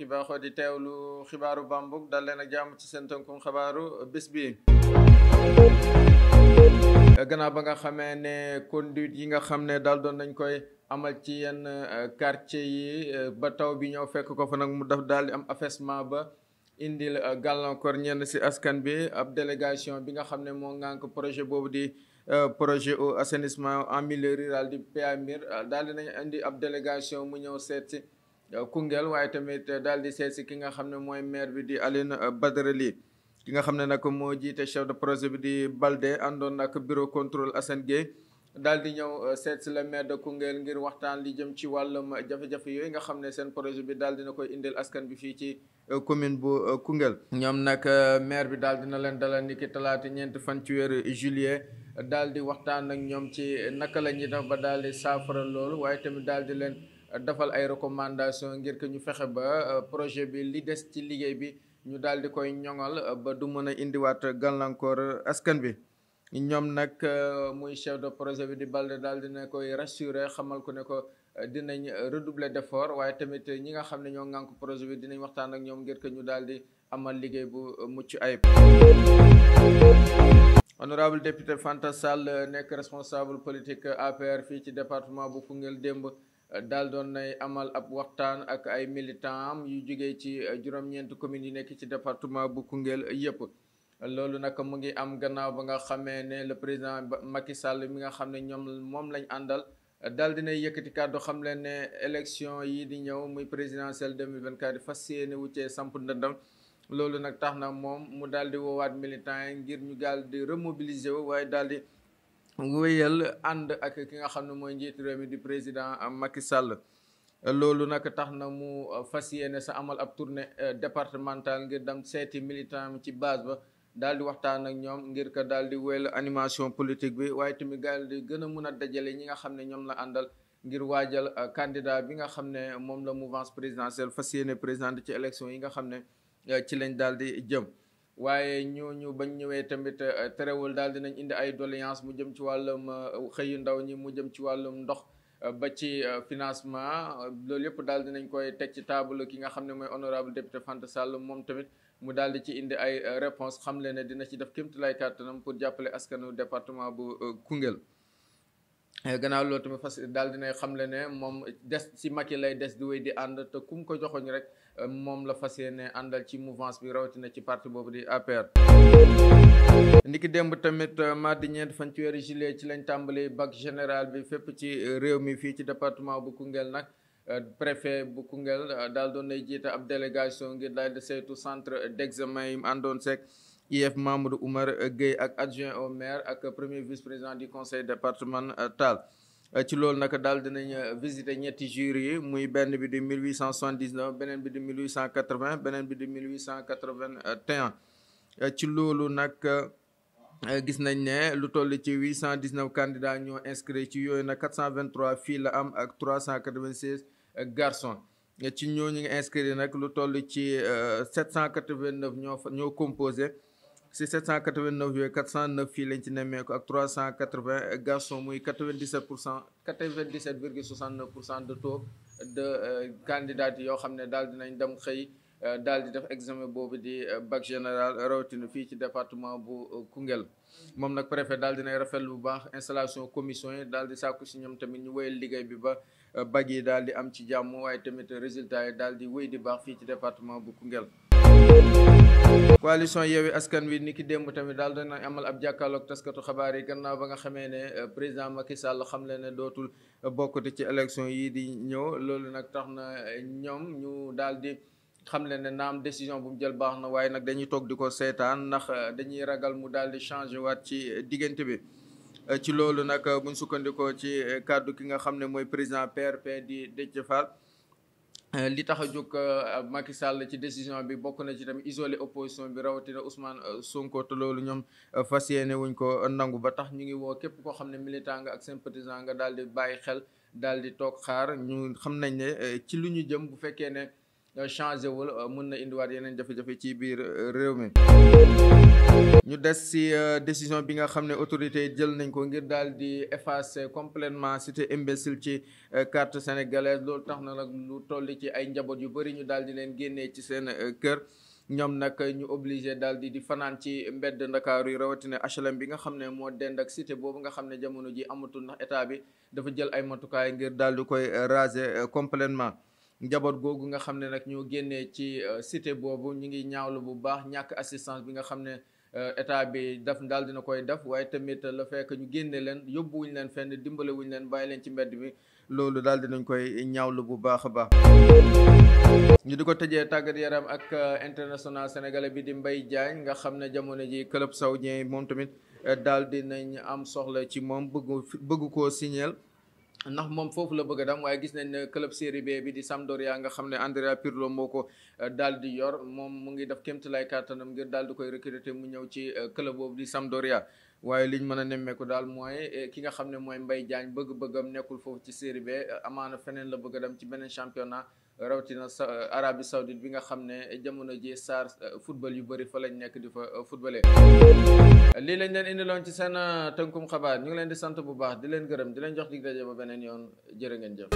mbokk yi baaxoo di teewlu xibaaru bambuk dal leen ak jàmm ci seen tënkum xibaaru bés bi gannaaw ba nga xamee ne conduite yi nga xam ne daal doon nañ koy amal ci yenn euh, quartier yi euh, ba taw bi ñëw fekk ko fa nag mu daf dal di am affaissement ba indil euh, gàllankoor ñenn si askan bi ab délégation bi nga xam ne moo ngànk projet boobu di projet au assainissement en milieu rural di PAMIR daal di nañ indi ab délégation mu ñëw seet si Euh, Koungheul waaye tamit euh, daal di seet si ki nga xam ne mooy maire bi di Alioune euh, Badara lii ki nga xam ne nag moo jiite chef de projet bi di Balde àndoon ak bureau contrôle Assane Gueye daal di ñëw seet la le maire de Koungheul ngir waxtaan li jëm ci wàllum jafe-jafe yooyu nga xam ne seen projet bi daal dina koy indil askan bi fii ci commune bu Koungheul. ñoom nag maire bi daal na leen dalal ni ki talaata ñeenti fan ci weeru juillet daal di waxtaan ak ñoom ci naka la ñuy def ba daal di saafara loolu waaye daal di leen. defal ay recommandation ngir que ñu fexe ba euh, projet bi li des ci liggéey bi ñu daal di koy ñoŋal euh, ba du mën a indiwaat gàllankoor askan bi ñoom nag euh, muy chef de projet bi di Balde daal ne koy rassurer xamal ku ne ko dinañ redoubler d'effort waaye tamit ñi nga xam ne ñoo ŋànk projet bi dinañ waxtaan ak ñoom ngir que ñu daal di amal liggéey bu mucc ayib. honorable député Fanta Sall nekk responsable politique APR fii ci département bu Koungheul démb. daal doon nay amal ab waxtaan ak ay militants am yu jógee ci juróom-ñeenti communes yu nekk ci département bu Koungheul yëpp. loolu nag mu ngi am gannaaw ba nga xamee ne le président Macky Sall mi nga xam ne ñoom moom lañ àndal daal dinay yëkkati kàddu xam leen ne élection yi di ñëw muy présidentielle 2024 fas yéene wu cee samp ndëndam loolu nag tax na moom mu daal di woowaat militants yi ngir ñu daal di remobiliser wu waaye daal di. wéyal ànd ak ki nga xam ne mooy njiitu réew mi di président Macky Sall loolu nag tax na mu fas yéene sa amal ab tournée euh, départementale ngir dem seeti militant ci base ba daal di waxtaan ak ñoom ngir que daal di wéyal animation politique bi waaye tamit daal di gën a mun a dajale ñi nga xam ne ñoom la àndal ngir waajal euh, candidat bi nga xam ne moom la mouvance présidentielle fas yéene président ci élection yi nga xam ne euh, ci lañ daal di jëm. waaye ñooñu bañ ñëwee tamit euh, terewul daal dinañ indi ay doléance mu jëm ci wàllum euh, xëyu ndaw ñi mu jëm ci wàllum ndox euh, ba ci financement loolu yëpp daal dinañ koy teg ci table ki nga xam ne mooy honorable député Fanta Sall moom tamit mu daal di ci indi ay réponse xam le ne dina ci def kémtu lay kàttanam pour jàppale askanu département bu Koungheul Eh, gannaaw loolu tamit fas daal dina xam le ne moom des ci yi lay des di wéy di ànd te kum ko joxoñ rek eh, moom la fas yéene àndal ci mouvance bi rawatina ci parti boobu di APR. niki démb tamit eh, mardi ñeent fan ci weeru juillet ci lañ tàmbali bac général bi fépp ci réew mi fii ci département bu Koungheul nag préfet bu Koungheul daal doon lay jiite ab délégation ngir daal di saytu centre d'examen yi àndoon seek IEF Mamadou Oumar Gueye ak adjoint au maire ak premier vice-président du conseil départemental ci loolu nag daal dinañ visiter ñetti jury yi muy benn bi di 1879 beneen bi di 1880 beneen bi di 1881 ci loolu nag gis nañ ne lu toll ci 819 candidats ñoo inscrit ci yooyu nag 423 filles la am ak 396 garçons ci ñoo ñu inscrit nag lu toll ci 789 euh, ñoo ñoo composé si 789 yooyu 409 fii lañ ci nemmeeku ak 380 garçon muy 97 pour cent 97 virgule 69 pour cent de taux de euh, candidats yoo xam ne daal nañ dem xëy euh, daal di def examen boobu di euh, bag général rawatina fii ci département bu Koungheul moom nag préfet daal dinay rafet lu baax installation commission yi daal di sàkku si ñoom tamit ñu wéyal liggéey bi ba bag yi dal di am ci jàmm waaye tamit résultat yi daal di wéy di baax fii ci département bu Koungheul coalition Yewwi Askan Wi ni ki démb tamit daal dana amal ab jàkkaarloog taskatu xabaar yi gannaaw ba nga xamee ne euh, président Macky Sall xam le ne dootul bokkut ci élection yi di ñëw loolu nag tax na euh, ñoom ñu daal di xam le ne naam décision bu jël baax na waaye nag dañuy toog di ko seetaan ndax euh, dañuy ragal mu daal di changé waat ci diggante bi ci loolu nag buñ sukkandikoo ci kàddu ki nga xam ne mooy président PRP di Déthié Fall Euh, li tax a jóg euh, Macky Sall ci décision bi bokk na ci tamit isolé opposition bi rawatina Ousmane euh, Sonko te loolu ñoom fas yéene wuñ ko nangu ba tax ñu ngi woo képp koo xam ne militant nga ak sympathisant nga daal di bàyyi xel daal di toog xaar ñu xam nañ ne ci lu ñu jëm bu fekkee ne changé wul mën na indiwaat yeneen jafe-jafe ci biir réew mi. ñu des si euh, décision bi nga xam ne autorité jël nañ ko ngir daal di effacer complètement cité imbécile ci euh, carte sénégalaise loolu tax na nag lu toll ci ay njaboot yu bëri ñu daal di leen génnee ci seen euh, kër ñoom nag ñu obligé daal di di fanaan ci mbedd ndakaaru yi rawatina HLM bi nga xam ne moo dend ak cité boobu nga xam ne jamono ji amatul ndax état bi dafa jël ay matukaay ngir daal di koy raser complètement njaboot googu nga xam ne nag ñoo génnee ci cité boobu ñu ngi ñaawlu bu baax ñàkk assistance bi nga xam ne Euh, état bi daf daal dina koy def waaye tamit la fekk ñu génne leen yóbbuwuñu leen fenn dimbalewuñ leen bàyyi leen ci mbedd mi loolu daal dinañ koy ñaawlu bu baax a baax. ñu di ko tëjee tàggat yaram ak euh, international sénégalais bi di mbay Diagne nga xam ne jamono ji club saoudien moom tamit euh, daal dinañ am soxla ci moom bëgg bëgg koo signal. ndax moom foofu la bëgg a dem waaye gis nañ ne club série bi di Sampdoria nga xam ne Andrea Pirlo moo ko eh, daal di yor moom mu ngi def kémtu lay kàttanam ngir daal di koy recruter mu ñëw ci eh, club boobu di Sampdoria waaye liñ mën a nemmeeku daal mooy eh, ki nga xam ne mooy mbay Diagne bëgg-bëggam nekkul foofu ci série B amaana feneen la bëgg a dem ci beneen championnat rawatina sa eh, Arabie Saoudite bi nga xam ne jamono ji saar eh, football yu bari fa lañ nekk di fa eh, footballé. lii lañ leen indiloon ci seen tënkum xabaar ñu ngi leen di sant bu baax di leen gërëm di leen jox dig daje ba beneen yoon jërë ngeen jëf.